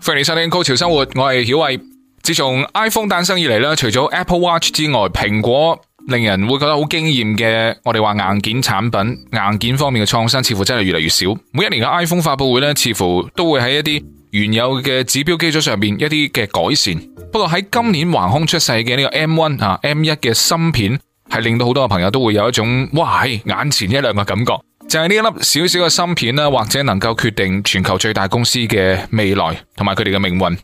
歡迎收聽《高潮生活》，我係曉偉。自從 iPhone 誕生以嚟呢，除咗 Apple Watch 之外，蘋果令人會覺得好驚艷嘅，我哋話硬件產品、硬件方面嘅創新，似乎真係越嚟越少。每一年嘅 iPhone 發佈會呢，似乎都會喺一啲原有嘅指標基礎上面一啲嘅改善。不過喺今年橫空出世嘅呢個 M one 啊，M 一嘅芯片，係令到好多嘅朋友都會有一種哇，眼前一亮嘅感覺。就係呢一粒少少嘅芯片啦，或者能夠決定全球最大公司嘅未來同埋佢哋嘅命運。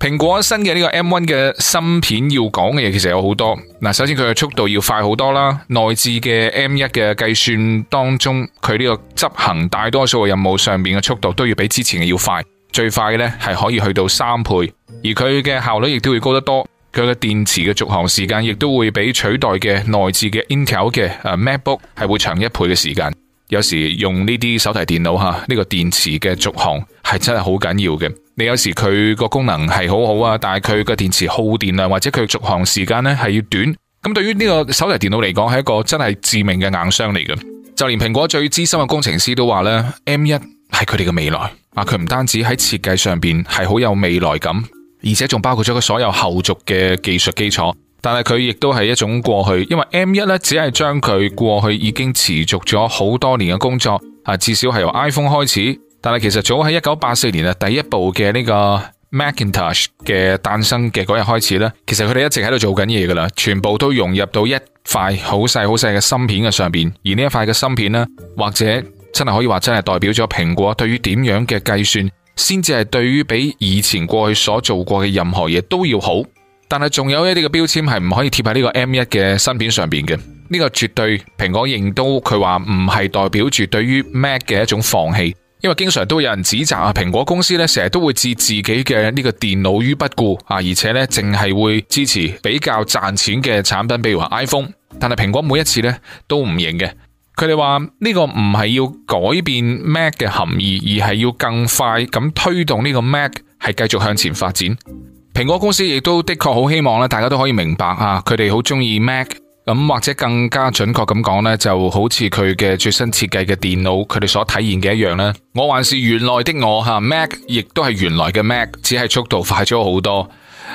蘋果新嘅呢個 M1 嘅芯片要講嘅嘢其實有好多。嗱，首先佢嘅速度要快好多啦，內置嘅 M1 嘅計算當中，佢呢個執行大多數嘅任務上面嘅速度都要比之前嘅要快，最快嘅呢係可以去到三倍，而佢嘅效率亦都會高得多。佢嘅電池嘅續航時間亦都會比取代嘅內置嘅 Intel 嘅 MacBook 係會長一倍嘅時間。有時用呢啲手提電腦吓，呢個電池嘅續航係真係好緊要嘅。你有時佢個功能係好好啊，但係佢個電池耗電啊，或者佢續航時間咧係要短。咁對於呢個手提電腦嚟講，係一個真係致命嘅硬傷嚟嘅。就連蘋果最資深嘅工程師都話咧，M1 係佢哋嘅未來。啊，佢唔單止喺設計上邊係好有未來感，而且仲包括咗佢所有後續嘅技術基礎。但係佢亦都係一種過去，因為 M 一咧只係將佢過去已經持續咗好多年嘅工作，啊，至少係由 iPhone 開始。但係其實早喺一九八四年啊，第一部嘅呢個 Macintosh 嘅誕生嘅嗰日開始咧，其實佢哋一直喺度做緊嘢噶啦，全部都融入到一塊好細好細嘅芯片嘅上邊。而呢一塊嘅芯片咧，或者真係可以話真係代表咗蘋果對於點樣嘅計算，先至係對於比以前過去所做過嘅任何嘢都要好。但係仲有一啲嘅標籤係唔可以貼喺呢個 M 一嘅芯片上邊嘅，呢個絕對蘋果認都，佢話唔係代表住對於 Mac 嘅一種放棄，因為經常都有人指責啊，蘋果公司咧成日都會置自,自己嘅呢個電腦於不顧啊，而且咧淨係會支持比較賺錢嘅產品，比如話 iPhone。但係蘋果每一次咧都唔認嘅，佢哋話呢個唔係要改變 Mac 嘅含義，而係要更快咁推動呢個 Mac 係繼續向前發展。蘋果公司亦都的確好希望咧，大家都可以明白啊！佢哋好中意 Mac 咁、嗯，或者更加準確咁講咧，就好似佢嘅最新設計嘅電腦，佢哋所體現嘅一樣咧。我還是原來的我吓、啊，Mac 亦都係原來嘅 Mac，只係速度快咗好多。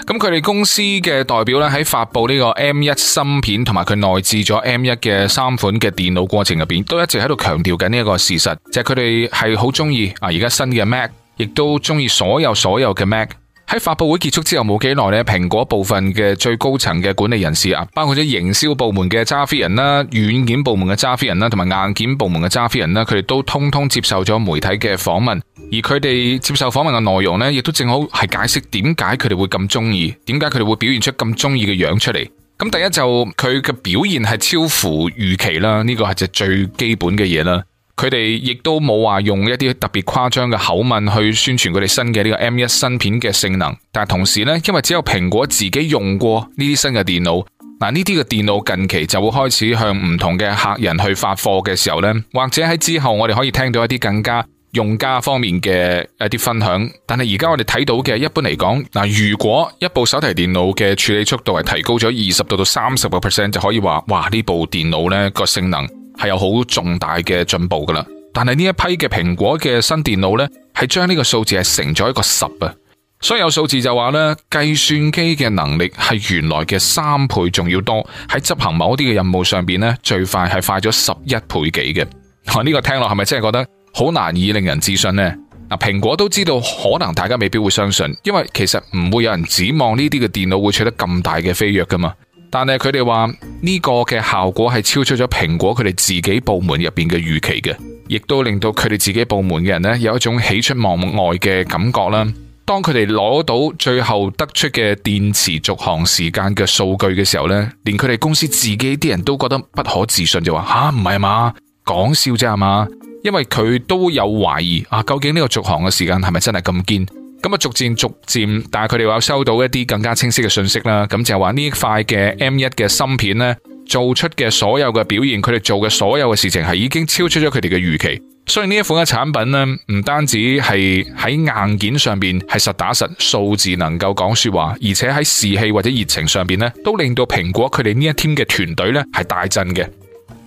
咁佢哋公司嘅代表咧喺發佈呢個 M1 芯片同埋佢內置咗 M1 嘅三款嘅電腦過程入邊，都一直喺度強調緊呢一個事實，就係佢哋係好中意啊！而家新嘅 Mac 亦都中意所有所有嘅 Mac。喺發佈會結束之後冇幾耐咧，蘋果部分嘅最高層嘅管理人士啊，包括咗營銷部門嘅揸 fit 人啦、軟件部門嘅揸 fit 人啦、同埋硬件部門嘅揸 fit 人啦，佢哋都通通接受咗媒體嘅訪問，而佢哋接受訪問嘅內容呢，亦都正好係解釋點解佢哋會咁中意，點解佢哋會表現出咁中意嘅樣出嚟。咁第一就佢嘅表現係超乎預期啦，呢個係就最基本嘅嘢啦。佢哋亦都冇話用一啲特別誇張嘅口吻去宣傳佢哋新嘅呢個 M 一芯片嘅性能，但係同時呢，因為只有蘋果自己用過呢啲新嘅電腦，嗱呢啲嘅電腦近期就會開始向唔同嘅客人去發貨嘅時候呢，或者喺之後我哋可以聽到一啲更加用家方面嘅一啲分享，但係而家我哋睇到嘅一般嚟講，嗱如果一部手提電腦嘅處理速度係提高咗二十到到三十個 percent，就可以話，哇呢部電腦呢個性能。係有好重大嘅進步噶啦，但係呢一批嘅蘋果嘅新電腦呢，係將呢個數字係成咗一個十啊，所以有數字就話呢，計算機嘅能力係原來嘅三倍仲要多，喺執行某啲嘅任務上邊呢，最快係快咗十一倍幾嘅。呢、啊這個聽落係咪真係覺得好難以令人置信呢？嗱，蘋果都知道，可能大家未必會相信，因為其實唔會有人指望呢啲嘅電腦會取得咁大嘅飛躍噶嘛。但係佢哋話呢個嘅效果係超出咗蘋果佢哋自己部門入邊嘅預期嘅，亦都令到佢哋自己部門嘅人呢有一種喜出望外嘅感覺啦。當佢哋攞到最後得出嘅電池續航時間嘅數據嘅時候呢，連佢哋公司自己啲人都覺得不可置信，就話吓，唔係嘛，講笑啫係嘛。因為佢都有懷疑啊，究竟呢個續航嘅時間係咪真係咁堅？咁啊，逐漸逐漸，但係佢哋話收到一啲更加清晰嘅信息啦，咁就係話呢一塊嘅 M1 嘅芯片咧，做出嘅所有嘅表現，佢哋做嘅所有嘅事情係已經超出咗佢哋嘅預期，所以呢一款嘅產品咧，唔單止係喺硬件上邊係實打實數字能夠講說話，而且喺士氣或者熱情上邊咧，都令到蘋果佢哋呢一 team 嘅團隊咧係大震嘅。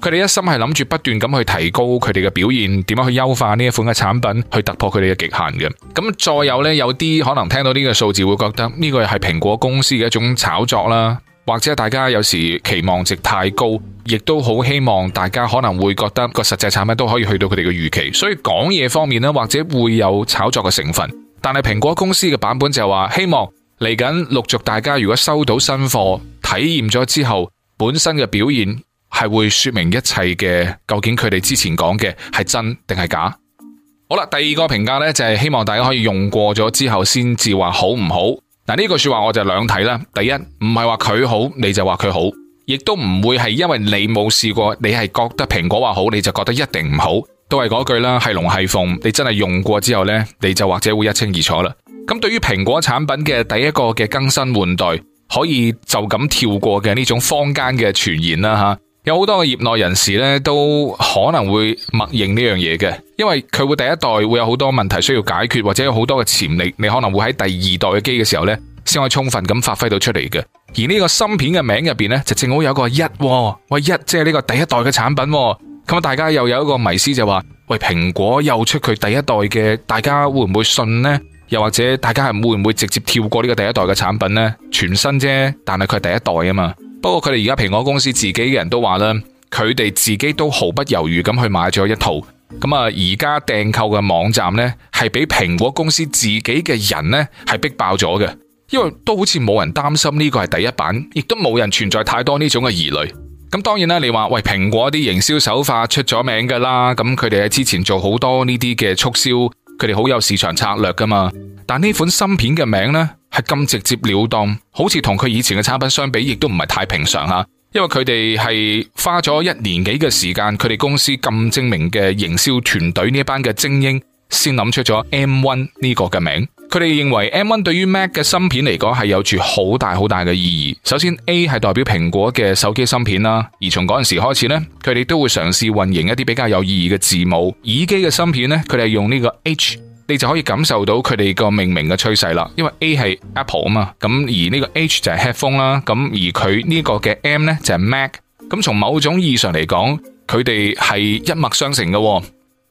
佢哋一心係諗住不斷咁去提高佢哋嘅表現，點樣去優化呢一款嘅產品，去突破佢哋嘅極限嘅。咁再有呢，有啲可能聽到呢個數字會覺得呢個係蘋果公司嘅一種炒作啦，或者大家有時期望值太高，亦都好希望大家可能會覺得個實際產品都可以去到佢哋嘅預期。所以講嘢方面呢，或者會有炒作嘅成分。但係蘋果公司嘅版本就話，希望嚟緊陸續大家如果收到新貨，體驗咗之後，本身嘅表現，係會說明一切嘅，究竟佢哋之前講嘅係真定係假？好啦，第二個評價呢，就係希望大家可以用過咗之後先至話好唔好。嗱，呢句說話我就兩睇啦。第一，唔係話佢好你就話佢好，亦都唔會係因為你冇試過，你係覺得蘋果話好你就覺得一定唔好。都係嗰句啦，係龍係鳳，你真係用過之後呢，你就或者會一清二楚啦。咁對於蘋果產品嘅第一個嘅更新換代，可以就咁跳過嘅呢種坊間嘅傳言啦吓。有好多嘅業內人士咧，都可能會默認呢樣嘢嘅，因為佢會第一代會有好多問題需要解決，或者有好多嘅潛力，你可能會喺第二代嘅機嘅時候咧，先可以充分咁發揮到出嚟嘅。而呢個芯片嘅名入邊咧，就正好有一個一、哦，喂，一即係呢個第一代嘅產品。咁啊，大家又有一個迷思就話，喂，蘋果又出佢第一代嘅，大家會唔會信呢？又或者大家係會唔會直接跳過呢個第一代嘅產品呢？全新啫，但係佢係第一代啊嘛。不過佢哋而家蘋果公司自己嘅人都話咧，佢哋自己都毫不猶豫咁去買咗一套，咁啊，而家訂購嘅網站呢，係俾蘋果公司自己嘅人呢，係逼爆咗嘅，因為都好似冇人擔心呢個係第一版，亦都冇人存在太多呢種嘅疑慮。咁當然啦，你話喂，蘋果啲營銷手法出咗名噶啦，咁佢哋喺之前做好多呢啲嘅促銷。佢哋好有市場策略㗎嘛，但呢款芯片嘅名咧係咁直接了當，好似同佢以前嘅產品相比，亦都唔係太平常吓。因為佢哋係花咗一年幾嘅時間，佢哋公司咁精明嘅營銷團隊呢一班嘅精英才想，先諗出咗 M1 呢個嘅名。佢哋認為 M1 對於 Mac 嘅芯片嚟講係有住好大好大嘅意義。首先 A 係代表蘋果嘅手機芯片啦，而從嗰陣時開始咧，佢哋都會嘗試運營一啲比較有意義嘅字母。耳機嘅芯片咧，佢哋係用呢個 H，你就可以感受到佢哋個命名嘅趨勢啦。因為 A 係 Apple 啊嘛，咁而呢個 H 就係 Headphone 啦，咁而佢呢個嘅 M 咧就係 Mac，咁從某種意義上嚟講，佢哋係一脈相承嘅。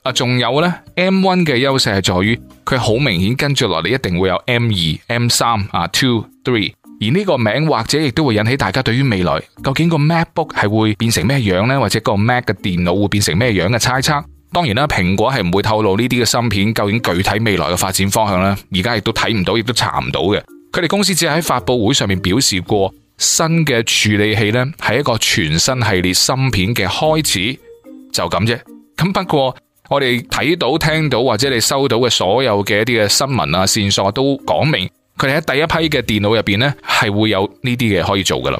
啊，仲有呢 M1 嘅優勢係在於佢好明顯跟住落嚟，一定會有 M2、M3 啊、uh，two、three。而呢個名或者亦都會引起大家對於未來究竟個 MacBook 係會變成咩樣呢，或者個 Mac 嘅電腦會變成咩樣嘅猜測。當然啦，蘋果係唔會透露呢啲嘅芯片究竟具體未來嘅發展方向咧，而家亦都睇唔到，亦都查唔到嘅。佢哋公司只係喺發佈會上面表示過新嘅處理器呢係一個全新系列芯片嘅開始，就咁啫。咁不過。我哋睇到、聽到或者你收到嘅所有嘅一啲嘅新聞啊、線索、啊、都講明，佢哋喺第一批嘅電腦入邊呢，係會有呢啲嘢可以做㗎喇。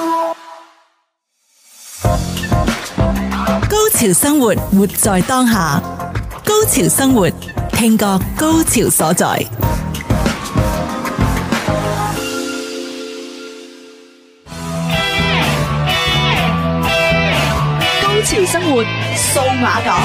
潮生活，活在當下。高潮生活，聽覺高潮所在。高潮生活，數碼港。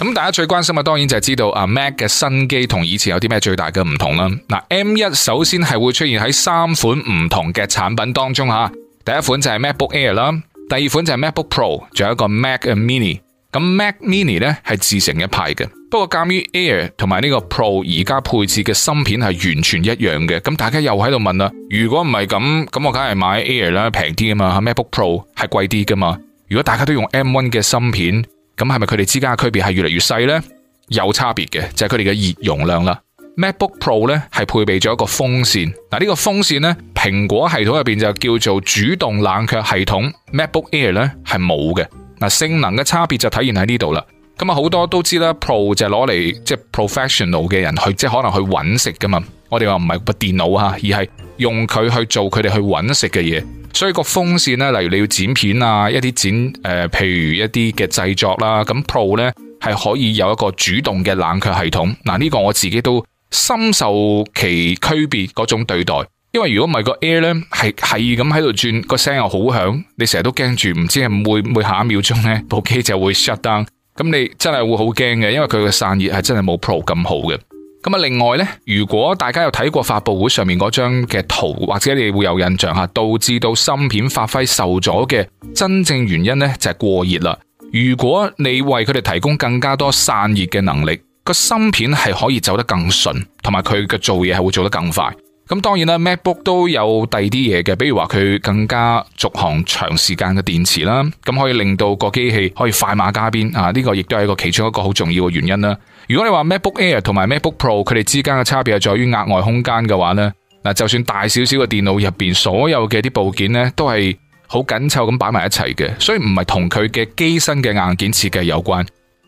咁大家最關心嘅，當然就係知道啊 Mac 嘅新機同以前有啲咩最大嘅唔同啦。嗱，M1 首先係會出現喺三款唔同嘅產品當中吓，第一款就係 MacBook Air 啦。第二款就係 MacBook Pro，仲有一個 Mac Mini。咁 Mac Mini 咧係自成一派嘅。不過鑒於 Air 同埋呢個 Pro 而家配置嘅芯片係完全一樣嘅，咁大家又喺度問啦。如果唔係咁，咁我梗係買 Air 啦，平啲啊嘛。MacBook Pro 係貴啲噶嘛。如果大家都用 M1 嘅芯片，咁係咪佢哋之間嘅區別係越嚟越細咧？有差別嘅，就係佢哋嘅熱容量啦。MacBook Pro 咧，係配備咗一個風扇，嗱、這、呢個風扇咧，蘋果系統入邊就叫做主動冷卻系統。MacBook Air 咧，係冇嘅，嗱，性能嘅差別就體現喺呢度啦。咁啊好多都知啦，Pro 就攞嚟即係 professional 嘅人去，即係可能去揾食噶嘛。我哋話唔係部電腦吓，而係用佢去做佢哋去揾食嘅嘢，所以個風扇咧，例如你要剪片啊，一啲剪誒，譬、呃、如一啲嘅製作啦、啊，咁 Pro 咧，係可以有一個主動嘅冷卻系統。嗱、這、呢個我自己都。深受其區別嗰種對待，因為如果唔係個 air 咧，係係咁喺度轉，個聲又好響，你成日都驚住，唔知會唔會下一秒鐘咧，部機就會 shut down，咁你真係會好驚嘅，因為佢嘅散熱係真係冇 pro 咁好嘅。咁啊，另外呢，如果大家有睇過發布會上面嗰張嘅圖，或者你會有印象嚇，導致到芯片發揮受阻嘅真正原因呢，就係過熱啦。如果你為佢哋提供更加多散熱嘅能力。個芯片係可以走得更順，同埋佢嘅做嘢係會做得更快。咁當然啦，MacBook 都有第二啲嘢嘅，比如話佢更加續航長時間嘅電池啦，咁可以令到個機器可以快馬加鞭啊。呢個亦都係一個其中一個好重要嘅原因啦。如果你話 MacBook Air 同埋 MacBook Pro 佢哋之間嘅差別係在於額外空間嘅話呢，嗱，就算大少少嘅電腦入邊所有嘅啲部件呢，都係好緊湊咁擺埋一齊嘅，所以唔係同佢嘅機身嘅硬件設計有關。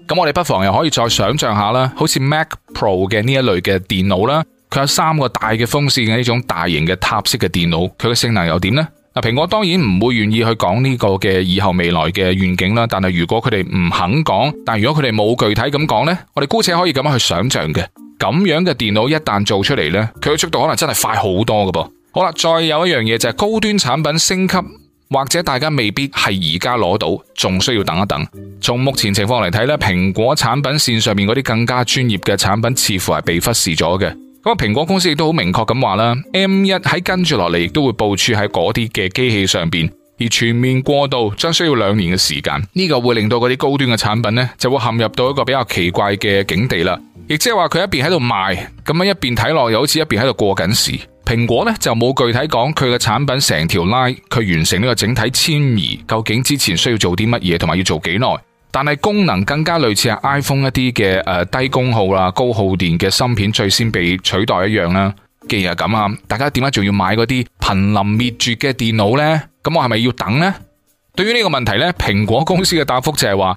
咁我哋不妨又可以再想象下啦，好似 Mac Pro 嘅呢一類嘅電腦啦，佢有三個大嘅風扇嘅呢種大型嘅塔式嘅電腦，佢嘅性能又點呢？嗱，蘋果當然唔會願意去講呢個嘅以後未來嘅願景啦，但係如果佢哋唔肯講，但如果佢哋冇具體咁講咧，我哋姑且可以咁樣去想象嘅。咁樣嘅電腦一旦做出嚟咧，佢嘅速度可能真係快好多㗎噃。好啦，再有一樣嘢就係高端產品升級。或者大家未必係而家攞到，仲需要等一等。從目前情況嚟睇咧，蘋果產品線上面嗰啲更加專業嘅產品似乎係被忽視咗嘅。咁啊，蘋果公司亦都好明確咁話啦，M1 喺跟住落嚟亦都會部署喺嗰啲嘅機器上邊，而全面過渡將需要兩年嘅時間。呢個會令到嗰啲高端嘅產品咧，就會陷入到一個比較奇怪嘅境地啦。亦即係話佢一邊喺度賣，咁樣一邊睇落又好似一邊喺度過緊時。蘋果呢就冇具體講佢嘅產品成條 line，佢完成呢個整體遷移究竟之前需要做啲乜嘢，同埋要做幾耐？但係功能更加類似係 iPhone 一啲嘅誒低功耗啦、高耗電嘅芯片最先被取代一樣啦。既然係咁啊，大家點解仲要買嗰啲瀕臨滅絕嘅電腦呢？咁我係咪要等呢？對於呢個問題呢，蘋果公司嘅答復就係話。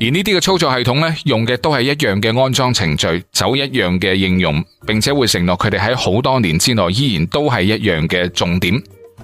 而呢啲嘅操作系統咧，用嘅都係一樣嘅安裝程序，走一樣嘅應用，並且會承諾佢哋喺好多年之內依然都係一樣嘅重點。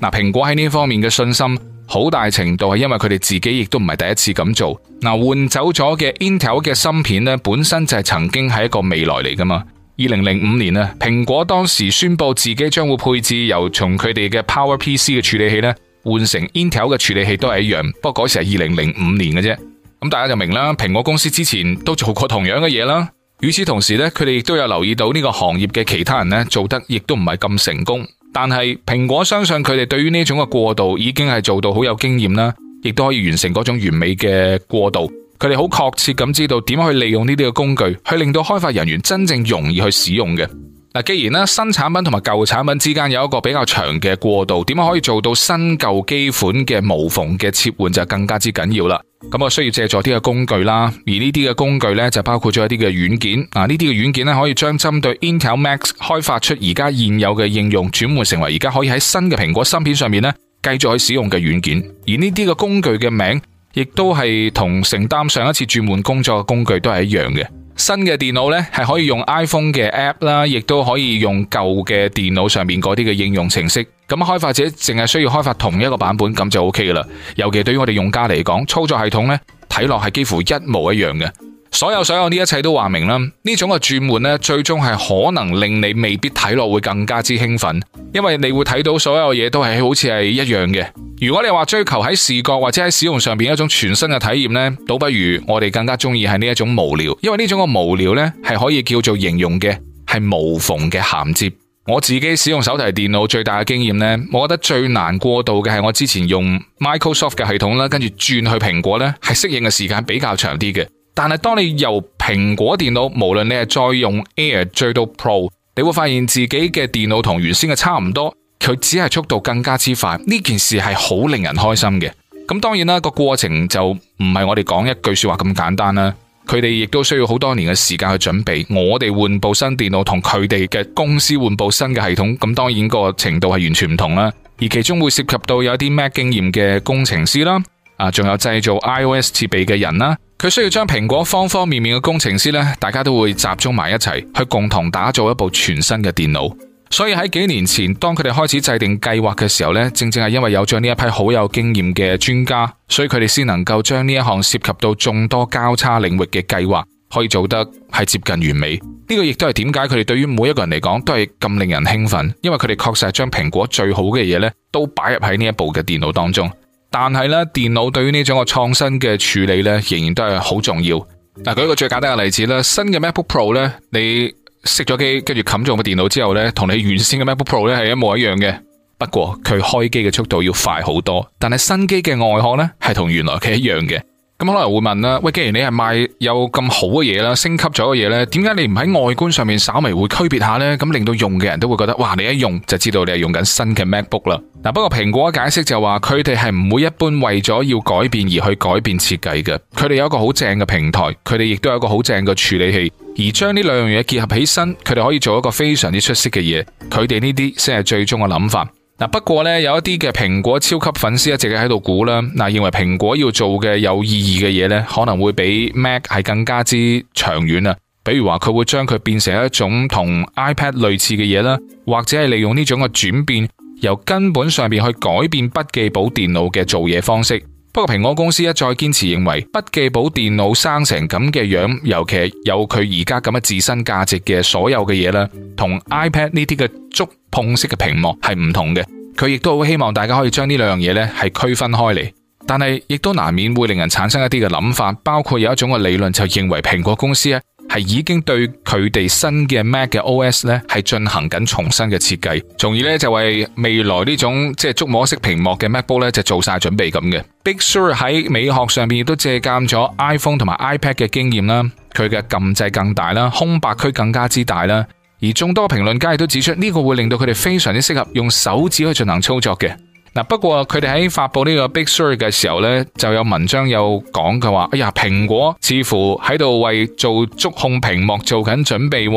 嗱，蘋果喺呢方面嘅信心好大程度係因為佢哋自己亦都唔係第一次咁做。嗱，換走咗嘅 Intel 嘅芯片咧，本身就係曾經係一個未來嚟㗎嘛。二零零五年啊，蘋果當時宣布自己將會配置由從佢哋嘅 PowerPC 嘅處理器咧換成 Intel 嘅處理器都係一樣，不過嗰時係二零零五年嘅啫。咁大家就明啦。蘋果公司之前都做過同樣嘅嘢啦。與此同時呢，佢哋亦都有留意到呢個行業嘅其他人呢，做得亦都唔係咁成功。但係蘋果相信佢哋對於呢種嘅過渡已經係做到好有經驗啦，亦都可以完成嗰種完美嘅過渡。佢哋好確切咁知道點樣去利用呢啲嘅工具去令到開發人員真正容易去使用嘅。嗱，既然呢新產品同埋舊產品之間有一個比較長嘅過渡，點樣可以做到新舊機款嘅無縫嘅切換就更加之緊要啦。咁我需要借助啲嘅工具啦，而呢啲嘅工具呢，就包括咗一啲嘅軟件啊，呢啲嘅軟件呢，可以將針對 Intel Mac 開發出而家現有嘅應用轉換成為而家可以喺新嘅蘋果芯片上面呢，繼續去使用嘅軟件，而呢啲嘅工具嘅名亦都係同承擔上一次轉換工作嘅工具都係一樣嘅。新嘅電腦呢，係可以用 iPhone 嘅 App 啦，亦都可以用舊嘅電腦上面嗰啲嘅應用程式。咁開發者淨係需要開發同一個版本，咁就 OK 啦。尤其對於我哋用家嚟講，操作系統咧睇落係幾乎一模一樣嘅。所有所有呢一切都話明啦，呢種嘅轉換咧最終係可能令你未必睇落會更加之興奮，因為你會睇到所有嘢都係好似係一樣嘅。如果你話追求喺視覺或者喺使用上邊一種全新嘅體驗咧，倒不如我哋更加中意係呢一種無聊，因為呢種嘅無聊咧係可以叫做形容嘅係無縫嘅銜接。我自己使用手提電腦最大嘅經驗呢，我覺得最難過渡嘅係我之前用 Microsoft 嘅系統啦，跟住轉去蘋果呢，係適應嘅時間比較長啲嘅。但係當你由蘋果電腦，無論你係再用 Air 追到 Pro，你會發現自己嘅電腦同原先嘅差唔多，佢只係速度更加之快。呢件事係好令人開心嘅。咁當然啦，個過程就唔係我哋講一句說話咁簡單啦。佢哋亦都需要好多年嘅時間去準備，我哋換部新電腦同佢哋嘅公司換部新嘅系統，咁當然個程度係完全唔同啦。而其中會涉及到有一啲 Mac 經驗嘅工程師啦，啊，仲有製造 iOS 設備嘅人啦，佢需要將蘋果方方面面嘅工程師咧，大家都會集中埋一齊去共同打造一部全新嘅電腦。所以喺幾年前，當佢哋開始制定計劃嘅時候呢，正正係因為有咗呢一批好有經驗嘅專家，所以佢哋先能夠將呢一項涉及到眾多交叉領域嘅計劃可以做得係接近完美。呢、這個亦都係點解佢哋對於每一個人嚟講都係咁令人興奮，因為佢哋確實係將蘋果最好嘅嘢咧都擺入喺呢一部嘅電腦當中。但係呢，電腦對於呢種個創新嘅處理呢，仍然都係好重要。嗱，舉個最簡單嘅例子啦，新嘅 MacBook Pro 咧，你。熄咗機，跟住冚咗個電腦之後呢，同你原先嘅 MacBook Pro 呢係一模一樣嘅。不過佢開機嘅速度要快好多。但係新機嘅外殼呢係同原來嘅一樣嘅。咁可能會問啦，喂，既然你係賣有咁好嘅嘢啦，升級咗嘅嘢呢，點解你唔喺外觀上面稍微會區別下呢？咁令到用嘅人都會覺得，哇，你一用就知道你係用緊新嘅 MacBook 啦。嗱，不過蘋果解釋就話，佢哋係唔會一般為咗要改變而去改變設計嘅。佢哋有一個好正嘅平台，佢哋亦都有一個好正嘅處理器。而將呢兩樣嘢結合起身，佢哋可以做一個非常之出色嘅嘢。佢哋呢啲先係最終嘅諗法。嗱，不過呢，有一啲嘅蘋果超級粉絲一直喺度估啦，嗱，認為蘋果要做嘅有意義嘅嘢呢，可能會比 Mac 係更加之長遠啊。比如話佢會將佢變成一種同 iPad 類似嘅嘢啦，或者係利用呢種嘅轉變，由根本上邊去改變筆記簿電腦嘅做嘢方式。不過蘋果公司一再堅持認為，筆記簿電腦生成咁嘅樣，尤其有佢而家咁嘅自身價值嘅所有嘅嘢啦，同 iPad 呢啲嘅觸碰式嘅屏幕係唔同嘅。佢亦都好希望大家可以將呢兩樣嘢呢係區分開嚟，但係亦都難免會令人產生一啲嘅諗法，包括有一種嘅理論就認為蘋果公司係已經對佢哋新嘅 Mac 嘅 OS 咧，係進行緊重新嘅設計，從而咧，就為未來呢種即係觸摸式屏幕嘅 MacBook 咧，就做晒準備咁嘅。Big Sur 喺美學上邊亦都借鑒咗 iPhone 同埋 iPad 嘅經驗啦，佢嘅撳掣更大啦，空白區更加之大啦，而眾多評論家亦都指出呢個會令到佢哋非常之適合用手指去進行操作嘅。不過佢哋喺發佈呢個 Big Sur 嘅時候呢，就有文章有講佢話，哎呀，蘋果似乎喺度為做觸控屏幕做緊準備喎。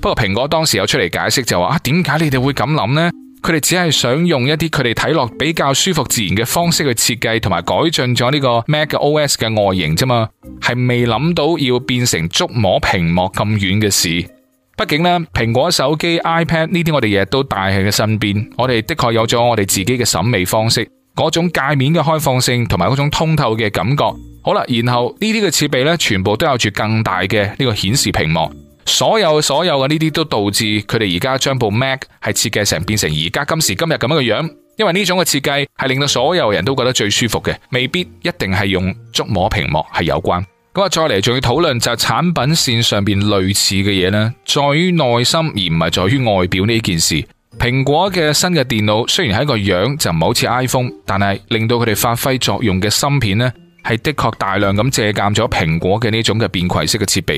不過蘋果當時有出嚟解釋就話，啊，點解你哋會咁諗呢？佢哋只係想用一啲佢哋睇落比較舒服自然嘅方式去設計同埋改進咗呢個 Mac OS 嘅外形啫嘛，係未諗到要變成觸摸屏幕咁遠嘅事。畢竟咧，蘋果手機、iPad 呢啲我哋日日都帶喺佢身邊，我哋的確有咗我哋自己嘅審美方式，嗰種界面嘅開放性同埋嗰種通透嘅感覺。好啦，然後呢啲嘅設備咧，全部都有住更大嘅呢個顯示屏幕，所有所有嘅呢啲都導致佢哋而家將部 Mac 係設計成變成而家今時今日咁樣嘅樣，因為呢種嘅設計係令到所有人都覺得最舒服嘅，未必一定係用觸摸屏幕係有關。咁啊，再嚟仲要討論就係產品線上邊類似嘅嘢咧，在於內心而唔係在於外表呢件事。蘋果嘅新嘅電腦雖然係一個樣就唔係好似 iPhone，但係令到佢哋發揮作用嘅芯片呢，係的確大量咁借鑒咗蘋果嘅呢種嘅便攜式嘅設備。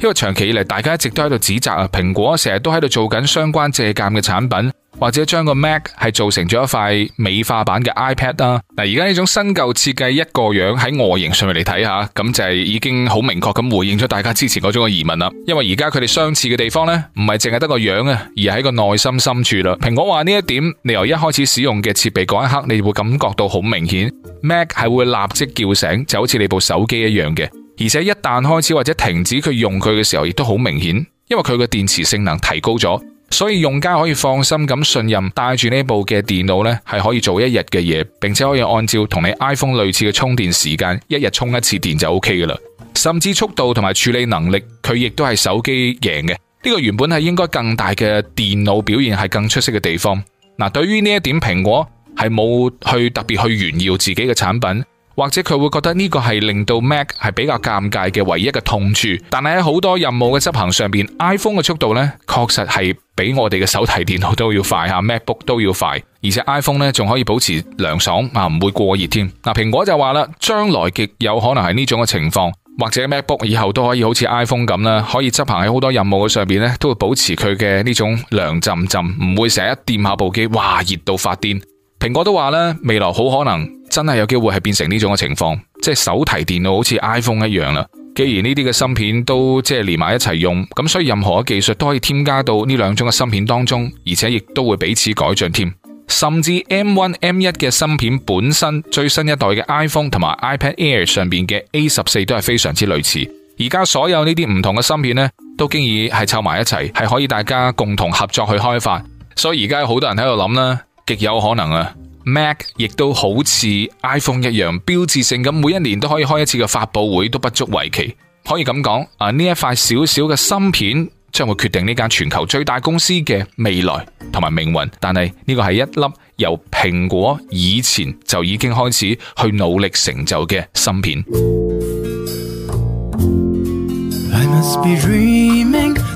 因為長期以嚟，大家一直都喺度指責啊，蘋果成日都喺度做緊相關借鑒嘅產品。或者將個 Mac 係做成咗一塊美化版嘅 iPad 啦。嗱，而家呢種新舊設計一個樣喺外形上面嚟睇下，咁就係已經好明確咁回應咗大家之前嗰種嘅疑問啦。因為而家佢哋相似嘅地方咧，唔係淨係得個樣啊，而係個內心深處啦。蘋果話呢一點，你由一開始使用嘅設備嗰一刻，你會感覺到好明顯，Mac 係會立即叫醒，就好似你部手機一樣嘅。而且一旦開始或者停止佢用佢嘅時候，亦都好明顯，因為佢嘅電池性能提高咗。所以用家可以放心咁信任，帶住呢部嘅電腦呢係可以做一日嘅嘢，並且可以按照同你 iPhone 類似嘅充電時間，一日充一次電就 OK 噶啦。甚至速度同埋處理能力，佢亦都係手機贏嘅。呢、這個原本係應該更大嘅電腦表現係更出色嘅地方。嗱、啊，對於呢一點，蘋果係冇去特別去炫耀自己嘅產品。或者佢會覺得呢個係令到 Mac 係比較尷尬嘅唯一嘅痛處，但係喺好多任務嘅執行上邊，iPhone 嘅速度咧確實係比我哋嘅手提電腦都要快，吓 MacBook 都要快，而且 iPhone 呢仲可以保持涼爽啊，唔會過熱添。嗱、啊，蘋果就話啦，將來極有可能係呢種嘅情況，或者 MacBook 以後都可以好似 iPhone 咁啦，可以執行喺好多任務嘅上邊咧，都會保持佢嘅呢種涼浸浸，唔會成日掂下部機，哇，熱到發癲。蘋果都話咧，未來好可能。真係有機會係變成呢種嘅情況，即係手提電腦好似 iPhone 一樣啦。既然呢啲嘅芯片都即係連埋一齊用，咁所以任何嘅技術都可以添加到呢兩種嘅芯片當中，而且亦都會彼此改進添。甚至 M1、M1 嘅芯片本身最新一代嘅 iPhone 同埋 iPad Air 上邊嘅 A14 都係非常之類似。而家所有呢啲唔同嘅芯片呢，都經已係湊埋一齊，係可以大家共同合作去開發。所以而家有好多人喺度諗啦，極有可能啊。Mac 亦都好似 iPhone 一樣，標誌性咁每一年都可以開一次嘅發佈會都不足為奇。可以咁講，啊，呢一塊小小嘅芯片，將會決定呢間全球最大公司嘅未來同埋命運。但係呢個係一粒由蘋果以前就已經開始去努力成就嘅芯片。